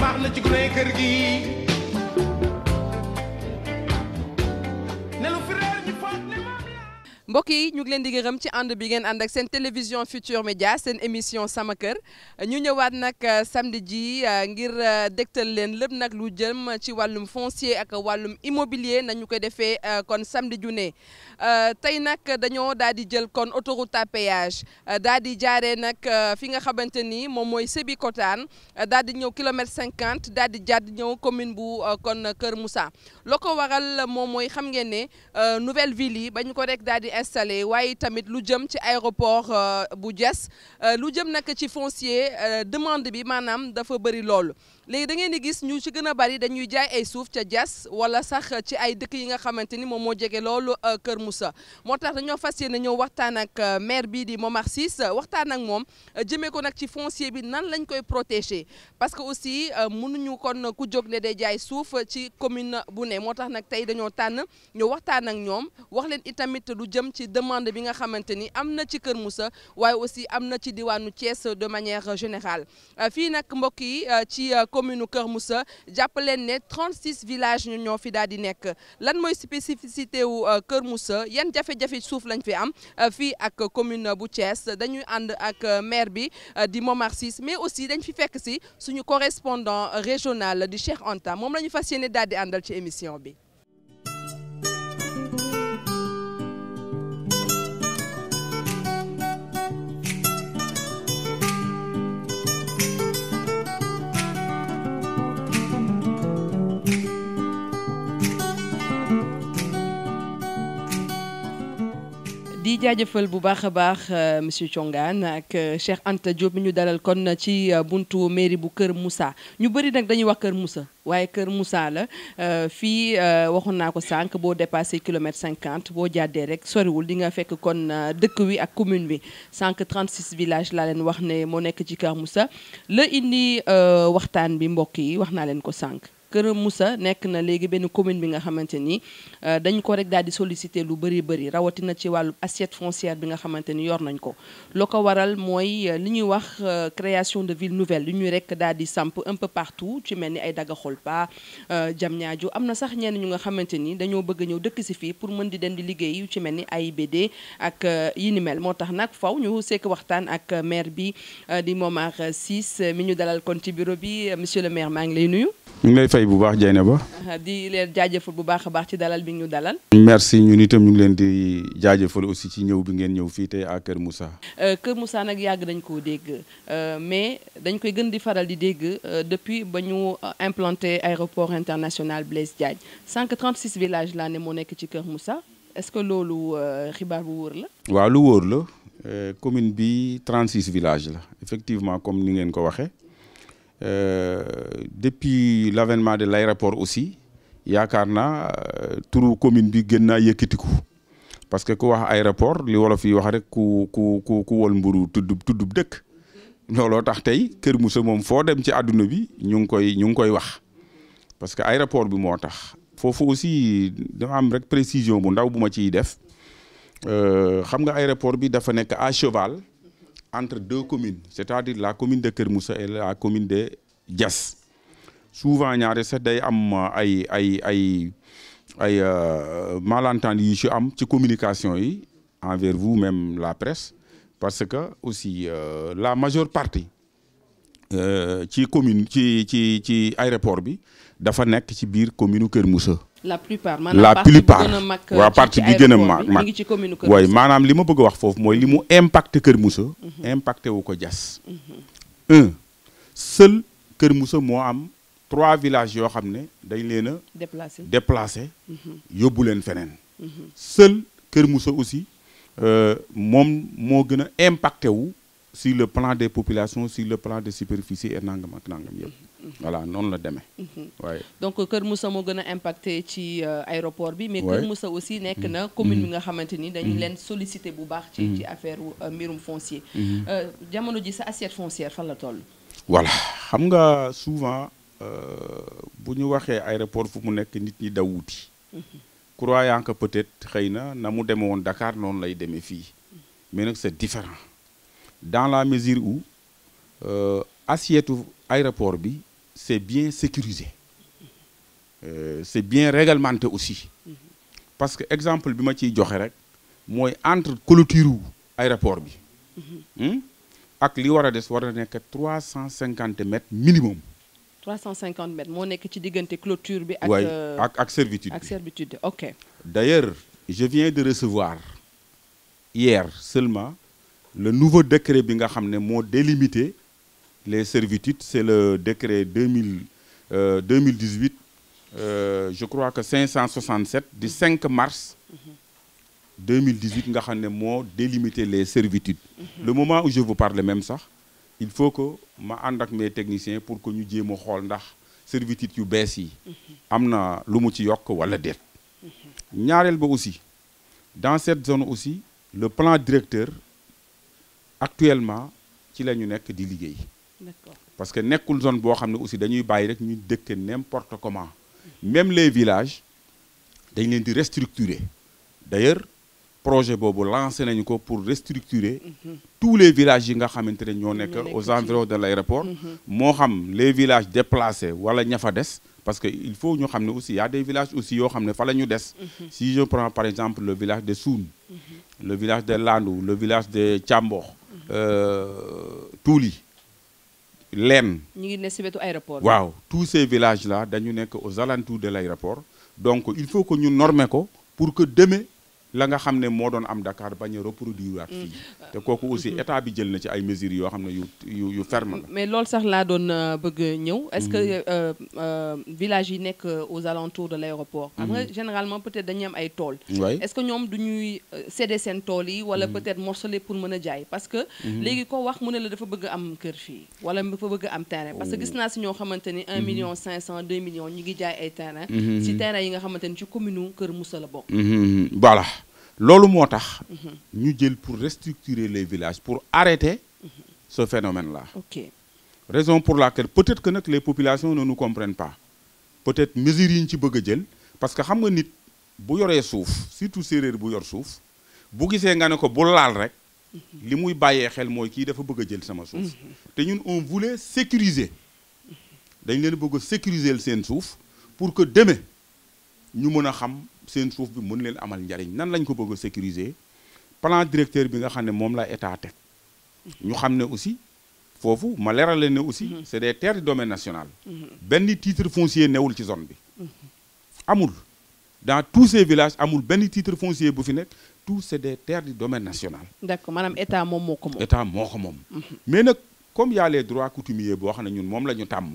baax na ci gune kër gi mbokk yi ñu ngi leen di gërëm ci ànd bi ngeen ànd ak seen télévision Futur Média seen émission sama kër ñu ñëwaat nag euh, samdi ji euh, ngir euh, dégtal leen lépp nag lu jëm ci wàllum foncier ak wàllum immobilier nañu ko defee kon samedi ju ne tey nag dañoo daal di jël kon autoroute à péage daal di jaaree nag fi nga xamante ni moom mooy Sébikotane daal di ñëw kilomètre cinquante daal di jàdd ñëw commune bu kon Kër Moussa loo ko waral moom mooy xam ngeen ne nouvelle ville installé waaye tamit lu jëm ci aéroport euh, bu Diass euh, lu jëm nag ci foncier euh, demande bi maanaam dafa bëri loolu léegi da ngeen di gis ñu ci gën a bari dañuy jaay ay suuf ca Diass wala sax ci ay dëkk yi nga xamante ni moom moo jege loolu euh, Kër Moussa moo tax dañoo fas yéene ñëw waxtaan ak euh, maire bii di Momar Ciss waxtaan ak moom euh, jëmee ko nag ci foncier bi nan lañ koy protéger parce que aussi mënuñu kon ku jóg ne day jaay suuf ci commune bu ne moo tax nag tey dañoo tànn ñu waxtaan ak ñoom wax leen itamit lu jëm ci demande bi nga xamante ni am na ci Kër Moussa waaye aussi am na ci diwaanu Thiès de manière générale fii nag mbokk yi ci commune Kër Moussa jàpp leen ne 36 villages ñu ñoo fi daal di nekk lan mooy spécificité wu euh, Kër Moussa yan jafe-jafe suuf lañ fi am euh, fii ak commune bu Thiès dañuy ànd ak euh, maire bi di Momar Ciss mais aussi dañ fi fekk si suñu correspondant régional di Cheikh Anta moom la ñu fas yéene daal di àndal ci émission bi. di jaajëfal bu baax a baax euh, monsieur Thiongane ak euh, Cheikh Anta Diop bi ñu dalal kon ci euh, buntu mairie bu Kër Moussa ñu bëri nag dañuy wax Kër musa waaye Kër Moussa la fii waxoon naa ko sànq boo dépassé kilomètre cinquante boo jàddee rek soriwul di nga fekk kon dëkk wi ak commune bi sànq 36 village laa leen wax ne moo nekk ci Kër Moussa la indi waxtaan bi mbokk yi wax naa leen ko sànq. Kër Moussa nekk na léegi benn commune bi nga xamante ni euh, dañ ko rek daal di solicité lu bëri bëri rawatina ci wàllu assiette foncière bi nga xamante ni yor nañ ko loo ko waral mooy euh, li ñuy wax euh, création de ville nouvelle li ñuy rek daal di samp un peu partout ci mel ni ay Dagaxolpa Diamniadio am na sax ñenn ñu nga xamante ni dañoo bëgg ñëw dëkk si fii pour mën di dem di liggéey yu ci mel ni ay AIBD ak yi ni mel moo tax nag faw ñu sekk waxtaan ak maire bi di Momar Ciss mi ñu dalal kon ci bureau bi monsieur le maire maa ngi lay nuyu. bu baax ne Dieynaba di leen jaajëfal bu baax a baax ci dalal bi ñu dalal. merci ñun itam ñu ngi leen di jaajëfal aussi ci ñëw bi ngeen ñëw fii tey à Kër Moussa. Euh, Kër Moussa nag yàgg dañ koo dégg euh, mais dañ koy gën di faral di dégg euh, depuis ba ñu implanté aéroport international Blaise Diagne 136 village laa ne moo nekk ci Kër Moussa est-ce que loolu xibaar bu wóor la. waaw lu wóor la commune bi 36 villages la effectivement comme ni ngeen ko waxee. Euh, depuis l'avènement de l'aéroport aussi yaakaar naa euh, turu commune bi gën naa yëkkatiku parce que ku wax aéroport li wolof yi wax rek ku ku ku ku wol mburu tuddub tuddub dëkk looloo tax tey Kër Moussa moom foo dem ci àdduna bi ñu ngi koy ñu ngi koy wax parce que aéroport bi moo tax foofu aussi dama am rek précision bu ndaw bu ma ciy def euh, xam nga aéroport bi dafa nekk à cheval entre deux communes cest à la commune de Kër Moussa et la commune de Diass souvent ñaare sax day am euh, ay ay ay ay euh, malentendu yi ci am ci communication yi envers vous même la presse parce que aussi euh, la majeure partie ci commune ci ci ci aéroport bi dafa nekk ci biir commune Kër Moussa. la plupart maanaam partie bi gën a mag euh, mag waaye maanaam li ma bëgg a wax foofu mooy li mu impacté Kër Moussa. Mhm. impacté wu ko Diass. Mhm. un Kër Moussa moo am trois villages yoo xam ne dañ leen a. déplacé déplacé. Mhm. leen feneen. seul Kër Moussa aussi euh, moom moo gën a impacté wu sur le plan des population sur le plan de superficie et nangam ak nangam yëpp. voilà noonu la demee. waaye mhm. donc Kër Moussa moo gën a impacté ci euh, aéroport bi. mais Kër Moussa aussi nekk mhm. na commune bi mhm. nga xamante ni dañu leen sollicité bu baax. ci ci affaire euh, mbirum foncier. Euh, jamono ji sa assiette foncière fan la toll. voilà xam nga souvent bu ñu waxee aéroport fu mu nekk nit ñi da wuuti. croyant que peut-être xëy na na mu demee woon Dakar noonu lay demee fii mais nag c'est différent dans la mesure où assiette. aéroport bi c'est bien sécurisé euh, c'est bien réglementé aussi parce que exemple bi ma ciy joxe rek mooy entre clôture wu aéroport bi hmm, ak li war a des war a nekk trois cent cinquante mètres minimum. trois cent mètres moo nekk ci diggante cloture bi. ak euh, ak ak servitude ak servitude ok. d'ailleurs je viens de recevoir hier seulement le nouveau décret bi nga xam ne moo délimité. les servitudes c'est le décret 2000 euh, 2018 euh, je crois que 567 du 5 mars 2018 nga xam ne moo délimiter les servitudes le moment où je vous parle même sax il faut que ma ànd ak mes techniciens pour que ñu jéem xool ndax servitude yu bees yi am na lu mu ci yokk wala déet ñaareel ba aussi dans cette zone aussi le plan directeur actuellement ci la ñu nekk di liggéey parce que nekkul zone boo xam ne aussi dañuy bàyyi rek ñu dëkke n'importe comment même les village dañ leen di restructurer d'ailleurs projet boobu lancé nañu ko pour restructurer mhm. tous les villages yi nga xamante ne ñoo nekk aux environs de l'aéroport mhm. moo xam les villages déplacés wala ña fa des parce que il faut ñu xam ne aussi y a des villages aussi yoo xam ne fa la ñu des mhm. si je prends par exemple le village de Soun le village de Landou le village de Thiambox euh, Touli Lem. ñu ngi ne si wetu waaw tous ces villages là dañu nekk aux alentours de l' aéroport donc il faut que ñu normer ko pour que demain. la nga xam ne moo doon am Dakar bañ a reproduire waat fii mm. te kooku aussi mm-hmm. état bi jël na ci ay mesures yoo xam ne yu yu yu ferme la mais loolu sax laa doon euh, bëgg ñëw est-ce que mm-hmm. euh, euh, village yi nekk aux alentours de l'aéroport xam nga mm-hmm. généralement peut-être dañuy am ay tool est-ce que ñoom du ñuy céder seen tool yi wala peut-être morceler pour mën a jaay parce que léegi ko wax mu ne la dafa bëgg am kër fii wala dafa bëgg am terrain parce que gis oh. naa si ñoo xamante ni un million cinq cent deux ñu ngi jaay ay terrain si terrain yi nga xamante ni ci commune Kër Moussa la bokk voilà loolu moo tax. Mhm. ñu jël pour restructurer les villages pour arrêter mhm. ce phénomène-là. ok raison pour la kër peut-être que nag les populations noonu nous pas peut-être mesures yi ñu ci bëgg a jël parce que xam nga nit bu yoree suuf surtout séeréer bu yor suuf bu gisee nga ne ko bu laal rek mhm. li muy bàyyee xel mooy kii dafa bëgg a jël sama suuf. te ñun on voulait sécuriser dañ leen bëgg a sécuriser seen suuf pour que deme ñu mën a xam. seen suuf bi mën leen amal njariñ nan lañ ko bëgg a sécuriser plan directeur bi nga xam ne moom la état teg ñu xam ne aussi foofu ma leeral leen ne aussi mhm. c'est des terres du domaine national mhm. benn titre foncier newul ci zone bi mhm. amul dans tous ces villages amul benn titre foncier bu fi nekk tout c'est des terres du domaine national d'accord maanaam état moom moo ko moom état moo ko moom mais nag comme y a les droits boo xam ne ñun moom la ñu tàmm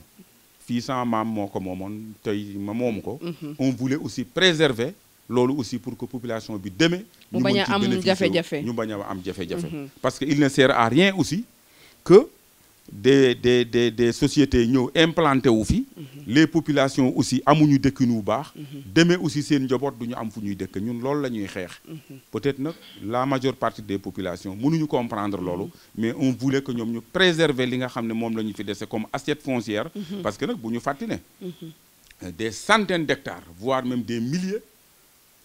fii sama maam moo ko moomoon tey ma moomu ko. Mhm. on voulait aussi préserver loolu aussi pour que population bi demee. ñu bañ a am jafe-jafe ñu bañ a am jafe-jafe. Mhm. parce que il ne sert à rien aussi que. des des des des sociétés ñëw implanté wu fi. Mhm. les population aussi amuñu dëkkin wu baax. Mhm. demee aussi seen njaboot du ñu am fu ñuy dëkk ñun loolu la ñuy xeex. Mhm. peut-être nag la majeure partie des population mënuñu comprendre loolu. mais on voulait que ñoom ñu préserver li nga xam ne moom la ñu fi dese comme assiette foncière. parce que nag bu ñu fàtti ne. des centaines d'hectares voire même des milliers.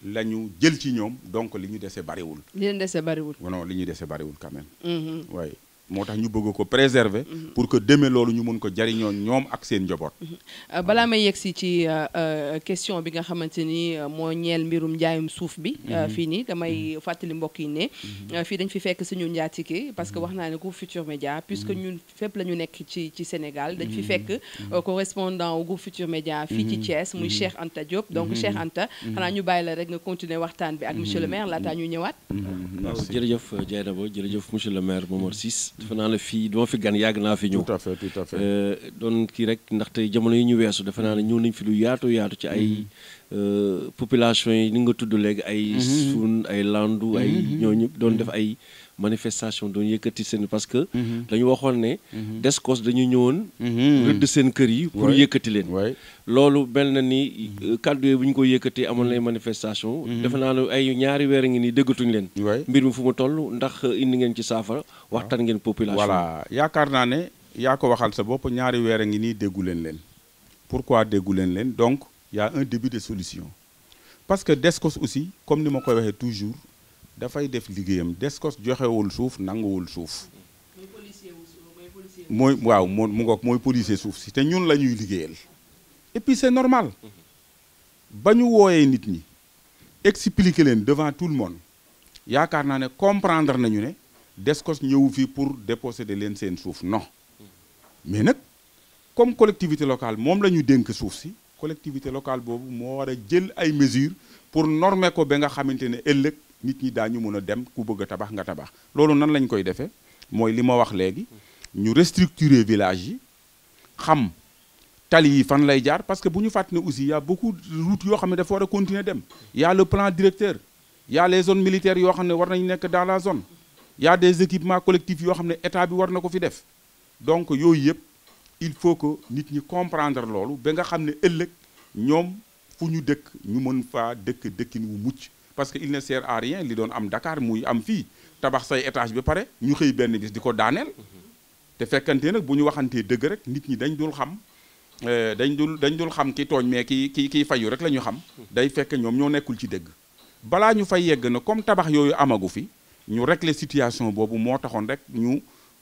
la ñu jël ci ñoom donc li ñu dese bariwul. li ñu dese bariwul. non li ñu dese bariwul quand moo tax ñu bëgg ko préserver. Mhm. pour que demee loolu ñu mun ko jariñoo ñoom ak seen njaboot. Mhm. Euh, balaa may yegsi ci euh, euh, question bi nga xamante ni moo ñeel mbirum njaayum suuf bi. Mhm. fii nii damay fàttali mbokk yi ne. fii dañ fi fekk suñu njaatige parce que wax naa ne ku Futurs Médias puisque ñun fépp la ñu nekk ci ci Sénégal dañ fi fekk correspondant au groupe Futurs Médias. fii ci Thiès muy Cheikh Anta Diop donc Cheikh Anta. xanaa ñu bàyyi la rek nga continuer waxtaan bi ak monsieur le maire laataa ñu ñëwaat. jërëjëf Dieynaba jërëjëf monsieur le maire Momar Ciss defe naa ne fii duma fi gan yàgg naa fi ñëw. tout à fait euh, doon kii rek ndaxte jamono yi ñu weesu defe naa ne ñëw nañ fi lu yaatu yaatu ci ay mm-hmm. euh, population yi ni nga tudd léegi ay. Mm-hmm. suun ay landu ay mm-hmm. ñooñu doon def ay. manifestation doon yëkkati seen parce que. Mhm. dañu waxoon ne. Mhm. descos dañu ñëwoon. Mhm. rëdd seen kër yi. pour yëkkati leen. loolu benn na ni euh, kàddu yi bu ñu ko yëkkatee amoon lay manifestation. defe naa ne ay ñaari weer ngi nii déggatuñ leen. mbir mi fu mu toll ndax euh, indi ngeen ci saafara ah. waxtaan ngeen population. voilà yaakaar naa ne yaa ko waxal sa bopp ñaari weer a ngi nii déggu leen leen. pourquoi déggu leen leen donc yaa a un début de solution. parce que descos aussi comme ni ma koy waxee dafay def liggéeyam DSCOS joxewul suuf nanguwul suuf mooy waaw moo mu ngoog mooy policier suuf si te ñun la ñuy liggéeyal et puis c'est normal mm-hmm. ba ñu wooyee nit ñi expliquer leen devant tout le monde yaakaar naa ne comprendre nañu ne DSCOS ñëwu fii pour déposséder leen seen suuf non mm-hmm. mais nag comme collectivité locale moom la ñu dénk suuf si collectivité locale boobu moo war a jël ay mesures pour normer ko ba nga xamante ne ëllëg nit ñi ñu mën a dem ku bëgg a tabax nga tabax loolu nan lañ koy defee mooy li ma wax léegi ñu restructurer village yi xam tali yi fan lay jaar parce que bu ñu fàtt ne aussi y a ku de yoo xam ne dafa war a continuer dem y a le plan directeur y a les zones militaires yoo xam ne war nañu nekk dans la zone y des équipements collectifs yoo xam ne état bi war na ko fi def donc yooyu yëpp il faut que nit ñi comprendre loolu ba nga xam ne ëllëg ñoom fu ñu dëkk ñu mën faa dëkk dëkkin wu parce que il ne sert à rien li doon am Dakar muy am fii tabax say étage bi pare ñu xëy benn bis di ko daaneel te fekkante nag bu ñu waxantee dëgg rek nit ñi dañ dul xam euh, dañ dul dañ dul xam ki tooñ mais ki ki kiy fayu rek la ñu xam day fekk ñoom ñoo nekkul ci dëgg balaa ñu fay yegg na comme tabax yooyu amagu fi ñu régler situation boobu moo taxoon rek ñu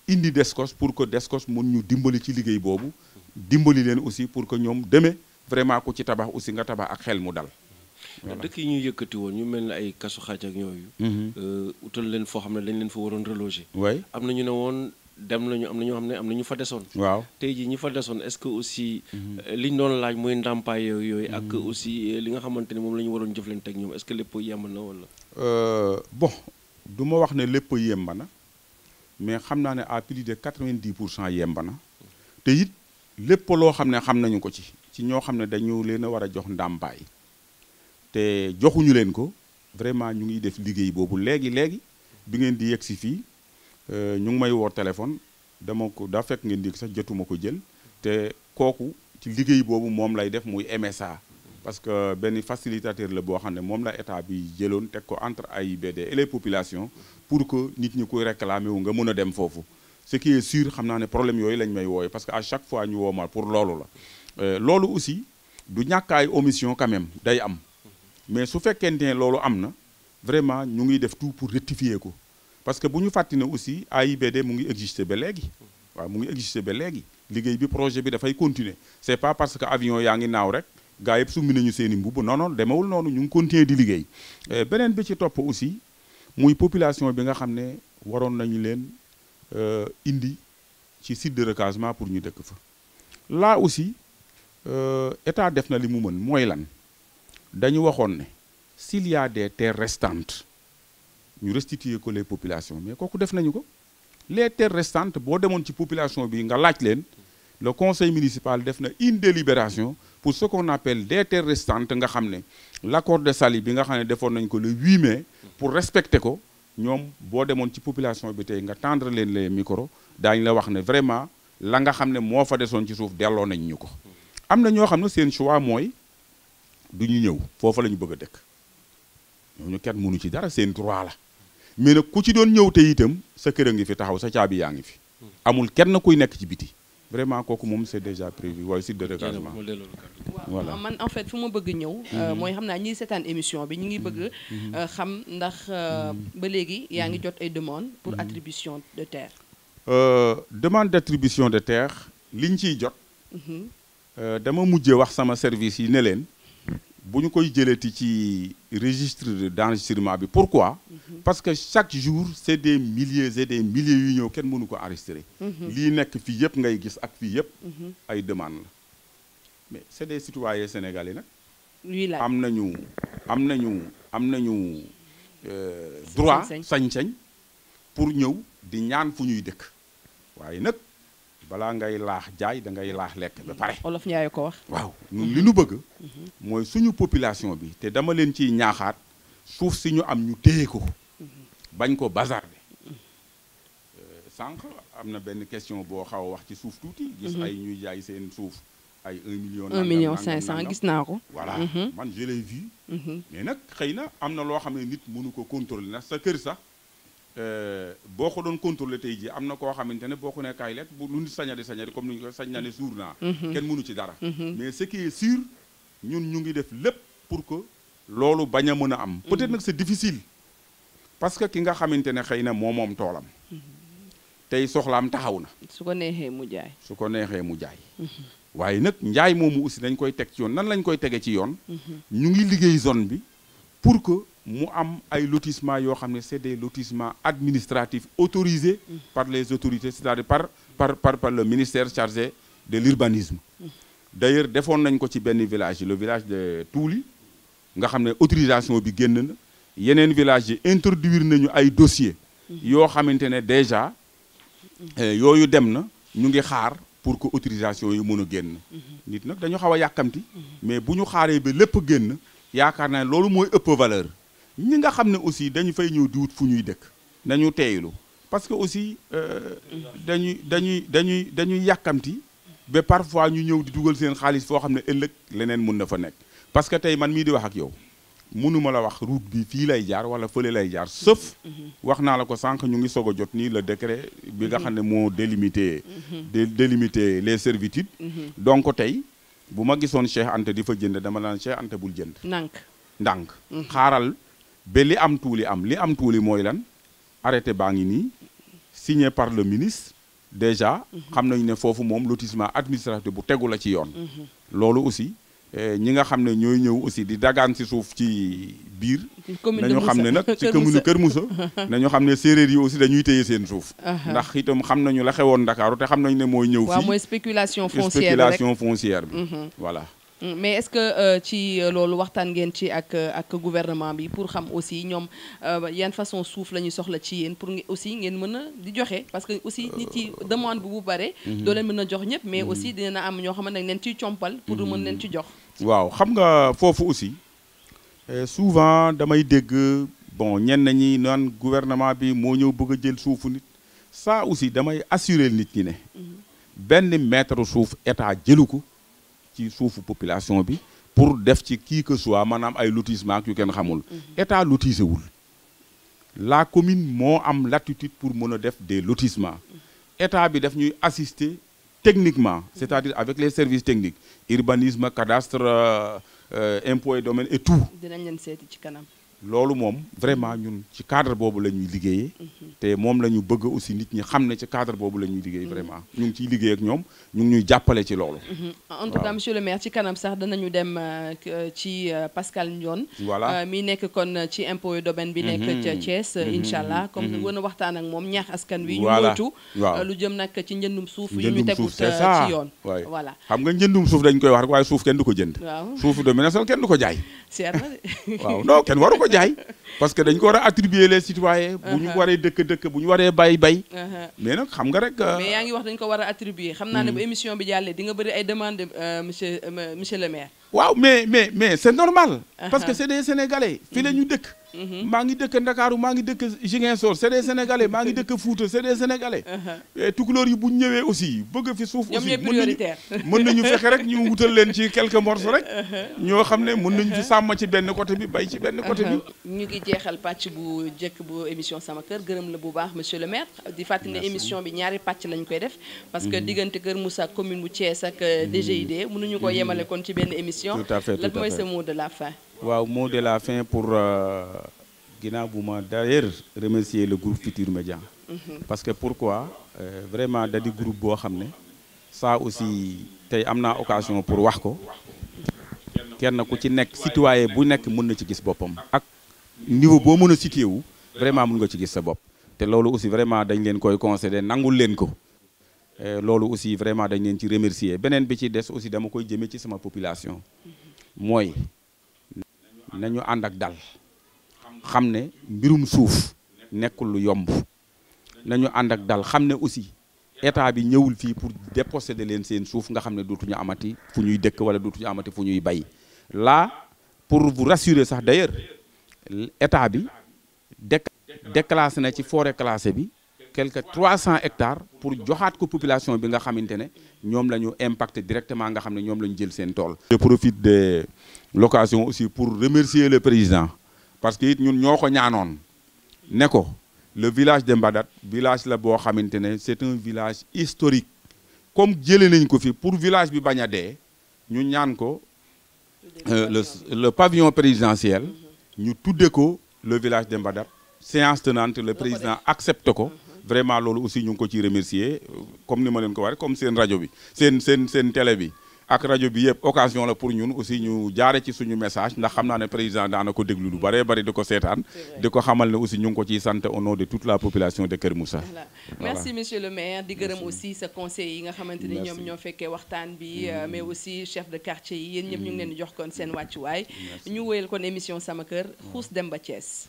indi DSCOS pour que DSCOS mun ñu dimbali ci liggéey boobu dimbali leen aussi pour que ñoom demee vraiment ku ci tabax aussi nga tabax ak xel mu dal dëkk yi ñuy yëkkati woon ñu mel ne ay kasu xaaj ak ñooyu mhm. euh, utal leen foo xam ne dañ leen fa waroon reloger waay am na ne woon dem nañu am na ñoo xam ne am na ñu fa desoon waaw tey jii ñi fa desoon est-ce que aussi mhm. euh, liñ doon laaj mooy ndàmpaay yooyu ak mhm. aussi euh, li nga xamante ni moom la ñu waroon jëflante ak ñoom est que lépp yemb na wala bon du ma wax ne lépp yemb na mais xam naa ne à plus de quatre-vingt-dix pour cent yemb na te it lépp loo xam ne xam nañu ko ci ci ñoo xam ne dañu leen a war a jox ndàmpaay te joxuñu leen ko vraiment ñu ngi def liggéey boobu léegi léegi bi ngeen di yegg si fii euh, ñu ngi may woo téléphone dama ko daa fekk ngeen di sax jotuma ko jël te kooku ci liggéey boobu moom lay def muy MSA. parce que benn facilitateur la boo xam ne moom la état bi jëloon teg ko entre AIBD et les population pour que nit ñi koy réclamer wu nga mën a dem foofu ce qui est sûr xam naa ne problème yooyu lañ may wooye parce que à chaque fois ñu woomal pour loolu la euh, loolu aussi du ñàkkaay omission quand day am mais su fekkente ne loolu am na vraiment ñu ngi def tout pour rectifier ko parce que bu ñu fàttali ne aussi AIBD mu ngi exister ba léegi waaw mu ngi exister ba léegi liggéey bi projet bi dafay continuer c'est pas parce que avion yaa ngi naaw rek gaa yëpp summi nañu seen i mbubb non non demewul noonu ñu ngi continuer di liggéey euh, beneen bi ci topp aussi muy population bi nga xam ne waroon nañu leen euh, indi ci site de recasement pour ñu dëkk fa là aussi euh, état def na li mu mën mooy lan dañu waxoon ne s'il y a des terres restantes ñu restituer ko les populations mais kooku def nañu ko les terres restantes boo demoon ci population bi nga laaj leen le conseil municipal def na une délibération pour ce qu'on appelle des terres restantes nga xam ne l'accord de Saly bi nga xam ne defoon nañ ko le 8 mai pour respecter ko ñoom boo demoon ci population bi tey nga tendre leen les micro daañu la wax ne vraiment la nga xam ne moo fa desoon ci suuf delloo nañ ñu ko am na ñoo xam ne seen choix mooy du ñu ñëw foofa la ñu bëgg a dëkk ñooñu kenn mënu ci dara seen droit la mais nag ku ci doon ñëw te itam sa kër a ngi fi taxaw sa caabi yaa ngi fi. amul kenn kuy nekk ci biti. vraiment kooku moom c'est déjà prévu waaye site de dégagement voilà man en fait fu ma bëgg ñëw euh, mhm. mooy xam naa ñiy seetaan émission bi ñu ngi bëgg mhm. euh, xam ndax euh, mhm. ba léegi yaa ngi jot ay demande pour attribution de terre demande d'attribution de terre liñ ciy jot dama mujje wax sama service yi ne leen bu ñu koy jëleeti ci registre d'enregistrement bi pourquoi mhm. parce que chaque jour c'est des milliers et des milliers yu ñëw kenn mënu ko enregistrer mhm. lii nekk fii yëpp ngay gis ak fii yëpp mhm. ay demande la mais c'est des citoyens sénégalais nag am nañu am nañu am nañu euh, droit sañ-sañ pour ñëw di ñaan fu ñuy dëkk waaye nag balaa ngay laax jaay da ngay laax lekk ba pare. olof Ndiaye ko wax. waaw ñun li ñu bëgg. mooy suñu population bi te dama leen ci ñaaxaat suuf si ñu am ñu téye ko. bañ ko bazarder. Euh, sànq am na benn question boo xaw a wax ci suuf tuuti. gis ay ñuy jaay seen suuf ay 1 million. 1 million 500 gis naa ko. voilà mhm. man je l'ai mhm. mais nag xëy na am na loo xam ne nit mënu ko contrôler na sa kër sax. Euh, boo ko doon contrôler tey jii am na koo xamante ne boo ko nee kaay lekk bu lu nit sañari sañari comme ni ko sañ na ne suur naa mhm. kenn mënu ci dara mhm. mais ce qui ñun ñu ngi def lépp pour que loolu bañ a mën a am mhm. peut-être nag c'est difficile parce que ki nga xamante ne xëy na moo moom toolam tey soxlaam taxaw na su ko neexee mu jaay su ko neexee mu jaay waaye nag njaay moomu aussi dañ koy teg ci yoon nan lañ koy tege ci yoon ñu ngi liggéey zone bi pour que mu am ay lotissement yoo xam ne c'est des lotissements administratifs autorisés mm. par les autorités c'est-à-dire par par par par le ministère chargé de l'urbanisme mm. d'ailleurs defoon nañ ko ci benn village le village de Touli nga xam ne autorisation bi génn na yeneen village yi introduire nañu ay dossiers mm. yoo xamante ne déjà eh, yooyu dem na ñu ngi xaar pour que autorisation yu mën a génn mm-hmm. nit nag dañu xaw a yàkkamti mm-hmm. mais bu ñu xaaree bi lépp génn yaakaar naa loolu mooy ëpp valeur ñi nga xam ne aussi dañu fay ñëw di wut fu ñuy dëkk nañu teeylu parce que aussi euh, dañuy dañuy dañuy dañuy yàkkamti ba parfois ñu ñëw di dugal seen xaalis foo xam ne ëllëg leneen mun na fa nekk parce que tey man mii di wax ak yow mënuma la wax route bi fii lay jaar wala fële lay jaar sëf mhm. wax naa la ko sànq ñu ngi soog a jot nii la décret bi nga xam ne moo délimité mhm. délimité les servitudes mhm. donc tey bu ma gisoon Cheikh ante di fa jënd dama naan Cheikh Anta bul jënd ndànk ndànk ba li am tuuli am li am tuuli mooy lan arrêté baa ngi nii signé par le ministre déjà xam nañu ne foofu moom lotissement administratif bu tegu la ci yoon mhm. loolu aussi eh, ñi nga xam ne ñooy ñëw aussi di dagaan si suuf ci biir na nañu xam ne nag ci commune Kër na nañu xam ne séeréer yi aussi dañuy téye seen suuf ndax itam xam na ñu la xewoon Ndakaaru te xam nañu ne mooy ñëw fii spéculation foncière foncière bi mhm. voilà mais est-ce que euh, ci euh, loolu waxtaan ngeen ci ak euh, ak gouvernement bi pour xam aussi ñoom yan façon suuf la ñuy soxla ci yéen pour aussi ngeen mën a di joxe parce que aussi nit yi demande bu bu bare. Mhm. doo leen mën a jox ñëpp mais mhm. aussi dina am ñoo xamante ne leen ciy compal pour mën leen ci mhm. jox. waaw xam nga foofu aussi souvent damay dégg bon ñenn ñi naan gouvernement bi moo ñëw bëgg a jël suufu nit saa aussi damay assurer nit ñi ne. benn mètre suuf état jëlu ko. ci suufu population bi pour def ci qui que soit maanaam ay lotissement ak kenn xamul mhm. état lotissé wul la commune moo am latitude pour mën a def des lotissements mhm. état bi def ñuy assister techniquement c'est-à-dire avec les services techniques urbanisme cadastre euh, euh, impôt et domaine et tout dinañ leen ci kanam loolu moom vraiment ñun ci cadre boobu la ñuy liggéeyee te moom la ñu bëgg aussi nit ñi xam ne ci cadre boobu la ñuy liggéey vraiment ñu ngi ciy liggéey ak ñoom ñu ngi ñuy jàppale ci loolu mm-hmm. en tout ci kanam sax danañu dem euh, euh, ci euh, Pascal Ndione voilà mi nekk kon ci impôt domaine bi nekk ca mm-hmm. Thiès mm-hmm. incha allah comme que gën a waxtaan ak moom ñaax askan wi ñu moytu waaw lu jëm nag ci njëndum suuf yu ñu tegut ci yoon voilà xam nga njëndum suuf dañ koy wax rek waaye suuf kenn du ko jënd waaw suuf de ménagère ko jaay waaw jaay parce que dañ ko war a attribuer les citoyens bu ñu uh-huh. waree dëkk dëkk bu ñu waree bay bay uh-huh. mais xam nga rek euh, mais yaa ngi wax dañ ko war a attribuer xam naa ne bu hmm. émission bi jàllee di nga bëri ay demande euh, monsieur euh, monsieur le maire waaw mais mais mais c'est normal uh-huh. parce que c'est des sénégalais fii ñu dëkk Mm-hmm. maa ngi dëkk Ndakaaru maa ngi dëkk Ziguinchor c'est des sénégalais maa ngi dëkk Fuuta c'est des sénégalais uh-huh. tukulóor yi bu ñu ñëwee aussi bëgg fi suuf aussi mën nañu fexe rek ñu wutal leen ci quelques morceaux rek uh-huh. ñoo xam ne mën nañu fi uh-huh. sàmm ci benn côté bi bay ci benn côté bi ñu ngi jeexal pàcc bu jëkk bu émission sama kër gërëm la bu baax monsieur le maire di fàttali ne émission bi ñaari pàcc lañu koy def parce que mm-hmm. diggante Kër Moussa commune bu Thiès ak DGID euh, mm-hmm. mënuñu ko yemale kon ci benn émission lan de la fin waaw moo de la fin pour euh, ginnaaw bu ma d'ailleurs remercier le groupe Futur Média mhm. parce que pourquoi euh, vraiment da di groupe boo xam ne ça aussi tey am naa occasion pour wax ko kenn ku ci nekk citoyen bu nekk mën na ci gis boppam ak niveau boo mën a situé wu vraiment mën nga ci gis sa bopp te loolu aussi vraiment dañ leen koy conseillé nangul leen ko euh, loolu aussi vraiment dañ leen ci remercier beneen bi ci des aussi dama koy jëmee ci sama population mhm. mooy nañu ànd ak dal xam ne mbirum suuf nekkul lu yomb nañu ànd ak dal xam ne aussi état bi ñëwul fii pour déposséder leen seen suuf nga xam ne dootuñu amati fu ñuy dëkk wala dootuñu amati fu ñuy bay là pour vous rassurer sax d'ailleurs état bi déclassé na ci forêt classée bi quelque trois 300 hectares pour joxaat ko population bi nga xamante ne ñoom lañu ñu directement nga xam ne ñoom lañu jël seen tool. je profite de l'occasion aussi pour remercier le président parce que it ñun ñoo ko ñaanoon ne ko le village de Mbadat village la boo xamante ne c'est un village historique comme jëlee nañ ko fi pour village bi bañ a dee ñu ñaan ko euh, le le pavillon présidentiel ñu tudde ko le village de Mbadat séance tenante le président accepte ko. vraiment loolu aussi ñu ngi ko ciy remercier comme ni ma leen ko waxee comme seen rajo bi seen seen seen télé bi ak rajo bi yëpp occasion la pour ñun aussi ñu jaare ci suñu message ndax xam naa ne président daana ko déglu lu bëree bëri di ko seetaan di ko xamal ne aussi ñu ngi ko ciy sant au nom de toute la population de Kër Moussa voilà merci monsieur le maire di gërëm aussi sa conseil yi nga xamante ni ñoom ñoo fekkee waxtaan bi mm. euh, mais aussi chef de quartier yi ñu ngi leen di jox kon seen wàccuwaay ñu wéyal kon émission sama kër xuus dem ba Thiès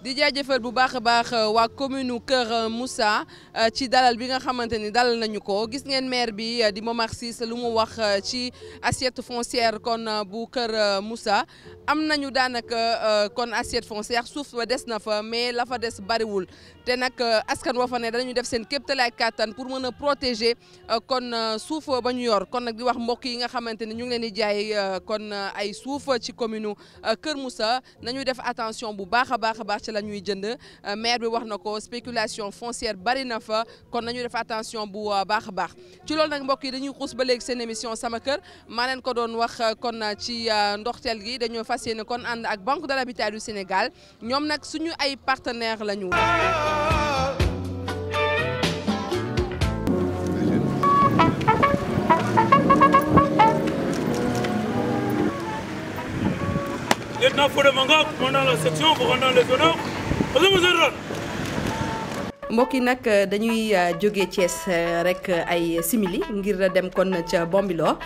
di jaajëfal bu baax a baax euh, waa commune Kër euh, Moussa euh, ci dalal bi nga xamante ni dalal nañu ko gis ngeen maire bi di Momar Cissé lu mu wax ci assiette foncière kon bu Kër Moussa am nañu daanaka kon assiette foncière suuf ba des na fa mais la fa des bariwul te nag askan woo fa ne danañu def seen kéemtalaay kàttan pour mën a protéger kon suuf ba ñu yor kon nag di wax mbokk yi nga xamante ni ñu ngeen di jaay kon ay suuf ci commune Kër Moussa nañu def attention bu baax a baax baax. si la ñuy jënd euh, maire bi wax na ko spéculation foncière bari na fa kon nañu def attention bu euh, baax a baax ci loolu nag mbokk yi dañuy xuus ba léegi seen émission sama kër maa leen ko doon wax euh, kon ci ndoxteel gi dañoo fas yéene kon ànd ak Banque de l'Habitat du Sénégal ñoom nag suñu ay partenaires lañu. lieutenant Fodé Manga, commandant la section, commandant les honneurs. Monsieur le mbokk yi nag euh, dañuy euh, jógee Thiès euh, rek ay simili ngir dem kon ca Bambilor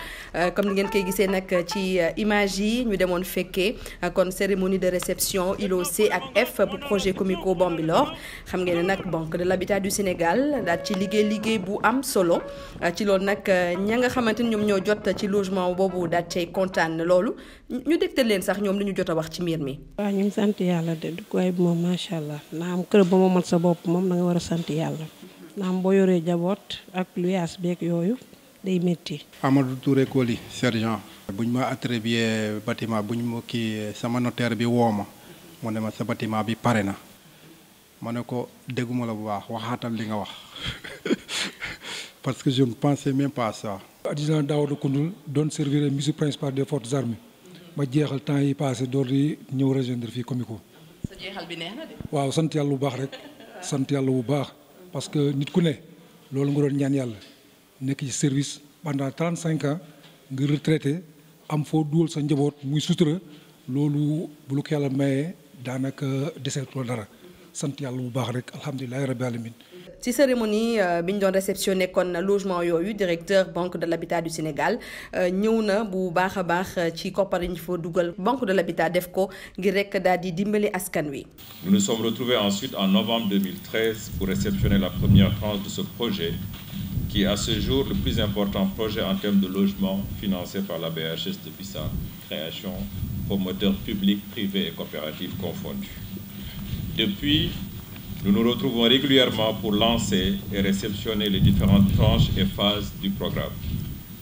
comme ni ngeen koy gisee nag ci image yi ñu demoon fekkee kon cérémonie de réception îlot C ak F bu projet Comico Bambilor xam ngeen ne nag banque de l'habitat du Sénégal daal ci liggéey liggéey bu am solo ci loolu nag ña nga xamante ni ñoom ñoo jot ci logement boobu daal cay kontaan loolu ñu dégtal leen sax ñoom li ñu jot a wax ci miir mi. waaw ñu ngi yàlla de dugg waay moom macha allah war a sant yàlla naam boo yoree jaboot ak lu yaas beeg yooyu day métti. Amadou Touré Koli sergent. buñ ma attribué bâtiment buñ ma kii sama notaire bi woo ma mu ne ma sa bâtiment bi pare na ma ne ko dégguma la bu baax waxaatal li nga wax parce que je ne pensais même pas à ça. adjudant doon servir le ministre principal des forces armées ma jeexal temps yi passé door di ñëw rejoindre fii Comico. waaw sant yàlla bu baax rek. sant yàlla bu baax parce que nit ku ne loolu nga doon ñaan yàlla nekk ci service pendant trente cinq ans nga retraité am foo duwal sa njaboot muy sutura loolu bu lu ko yàlla mayee daanaka deseetul dara sant yàlla bu baax rek alhamdulilahi rabbi alamin ci cérémonie euh, bi ñu doon réceptionné kon logement yooyu directeur banque de l'habitat du Sénégal euh, ñëw na bu baax a baax euh, ci koppar yi ñu dugal banque de l'habitat def ko ngir rek daal di dimbali askan wi. Nous nous sommes retrouvés ensuite en novembre 2013 pour réceptionner la première tranche de ce projet qui est à ce jour le plus important projet en termes de logement financé par la BHS depuis sa création, promoteur public, privé et coopératif confondus. nous nous retrouvons régulièrement pour lancer et réceptionner les différentes tranches et phases du programme.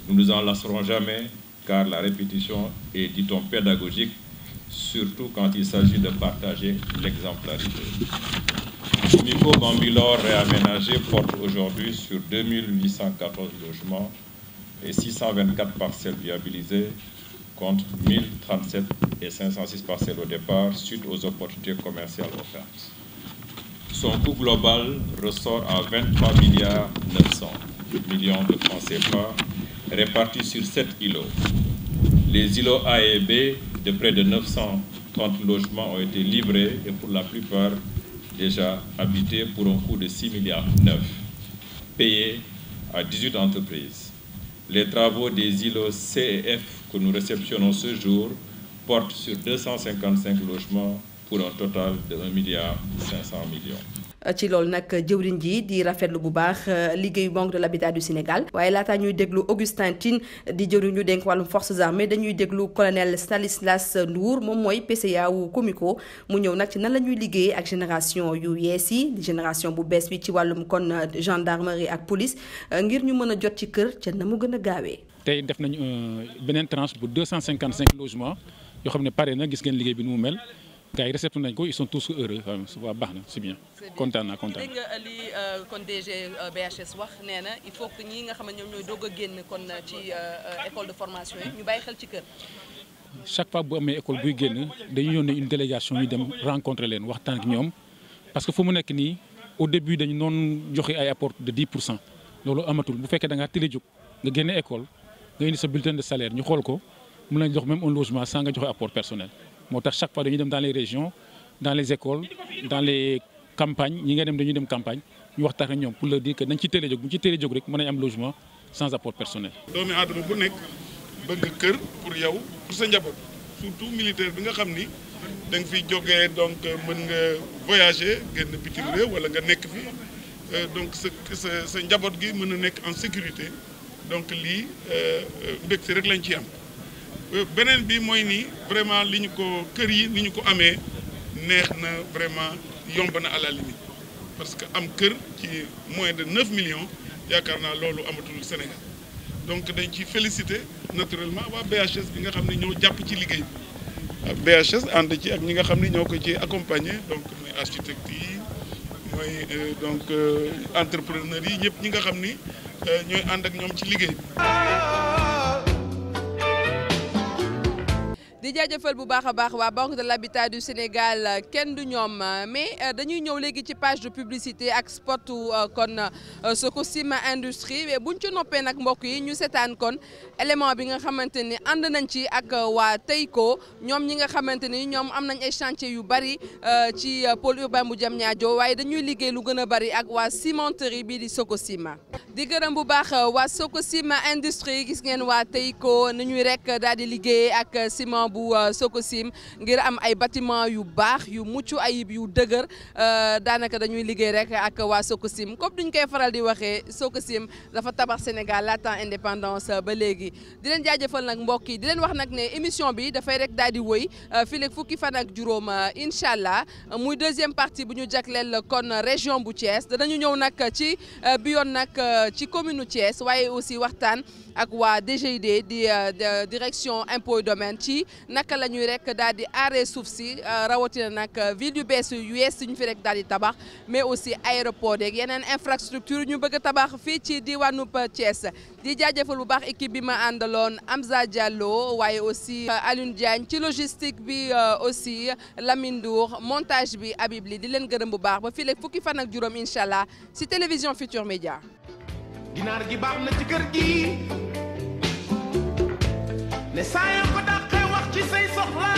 Nous ne nous en lasserons jamais car la répétition est, dit-on, pédagogique, surtout quand de partager l'exemplarité. L'UNIFO Bambilor réaménagé porte aujourd'hui sur 2814 logements et 624 parcelles viabilisées contre 1037 et 506 parcelles au départ suite aux Son coût global ressort à 23 milliards 900 millions de francs CFA répartis sur sept îlots. Les îlots de près de 930 logements ont pour la plupart déjà habités pour un de 6 milliards 9 payés à 18 entreprises. Les travaux des îlots C et F que nous réceptionnons ce jour portent sur 255 pour un total de 1 milliard ci loolu nag jëwriñ ji di rafetlu bu baax euh, liggéeyu banque de l'habitat du Sénégal waaye laataa ñuy déglu Augustin Tine di jëwriñ ñu dénk wàllum forces armées dañuy déglu colonel Stanislas Ndour moom mooy PCA wu Comico mu ñëw nag ci nan la ñuy liggéey ak génération yu yees yi génération bu bees bi ci wàllum kon euh, gendarmerie ak police euh, ngir ñu mën a jot ci kër ca na mu gën a gaawee. tey def nañu beneen tranche bu 255 logements yoo xam ne gis ngeen liggéey bi mu mel. gars yi récepté nañ ko ils sont tous heureux waaw baax na c'est bien kontaan naa kontaan. dégg nga li euh, kon DG euh, BHS wax nee na il faut que ñi nga xam ne ñoom ñooy doog a génn kon ci euh, école de formation yi ñu bàyyi xel ci kër. chaque fois bu amee école buy génn dañuy yónnee une délégation ñu dem rencontrer leen waxtaan ak ñoom parce que fu mu nekk nii au début dañu noonu joxe ay apport de 10 pour cent loolu amatul bu fekkee da ngaa teel a jóg nga génne école nga indi sa bulletin de salaire ñu xool ko mun nañ jox même un logement sans nga joxe apport personnel. moo tax chaque fois dañuy dem dans les régions dans les écoles dans les campagnes ñi nga dem dañuy dem campagne ñu waxtaan ak ñoom pour leur dire que nañ ci teel a jóg bu ñu ci teel a jóg rek mën nañ am logement sans apport personnel. doomi aadama bu nekk bëgg kër pour yow pour sa njaboot surtout militaire bi nga xam ni da nga fiy jógee donc euh, mën nga voyager génn bitim réew wala nga nekk fi euh, donc sa sa njaboot gi mën na nekk en sécurité donc lii si euh, rek lañ ci am. Euh, beneen bi mooy nii vraiment li ñu ko kër yi ni ñu ko amee neex na vraiment yomb na à la parce que am kër ci moins de 9 millions yaakaar naa loolu amatul Sénégal donc dañ ci félicité naturellement waa BHS bi nga xam ne ñoo jàpp ci liggéey bi euh, BHS ànd ci ak ñi nga xam ni ñoo ko ci accompagner donc mooy architecte yi mooy euh, donc entrepreneur yi ñëpp ñi nga xam ni ñooy ànd ak ñoom ci liggéey bi di jaajëfal bu baax a baax waa Banque de l'Habitat du Sénégal kenn du ñoom mais euh, dañuy ñëw léegi ci page de publicité ak spot euh, kon euh, Sococim Industrie mais buñ ci noppee nag mbokk yi ñu seetaan kon élément bi nga xamante ni ànd nañ ci ak waa tey ko ñoom ñi nga xamante ni ñoom am nañ ay chantier yu bari ci pôle urbain bu ñaajo waaye dañuy liggéey lu gën a bari ak waa cimenterie bii di Sococim di gërëm bu baax waa Sococim Industrie gis ngeen waa Teyko ni ñuy rek daal di liggéey ak ciment bu euh, Sococim ngir am ay bâtiment yu baax yu mucc ayib yu dëgër euh, daanaka dañuy liggéey rek ak waa Sococim comme duñ koy faral di waxee Sococim dafa tabax Sénégal laata indépendance euh, ba léegi di leen jaajëfal nag mbokk yi di leen wax nag ne émission bi dafay rek daal di wëy fii fukki fan ak juróom incha allah muy deuxième partie bu ñu jagleel kon région bu Thiès danañu ñëw nag ci bi yoon nag ci commune Thiès waaye aussi waxtaan ak waa DGID di euh, euh, direction impôt domaine ci naka la ñuy rek daal di aare suuf si euh, rawatina nag ville yu bees yu yees ñu fi rekk daal di tabax mais aussi aéroport yeeg yeneen infrastructure ñu bëgg tabax fii ci diwaanu Thiès di jaajëfal bu baax équipe bi ma àndaloon Amza Diallo waaye aussi Alioune Diagne ci logistique bi aussi Lamine Ndour montage bi Habib Ly di leen gërëm bu baax ba fii léegi fukki fan ak juróom incha allah si télévision Futur Média ginaar gi baax na ci kër gi ne saa yoo ko dàqee wax ci say soxla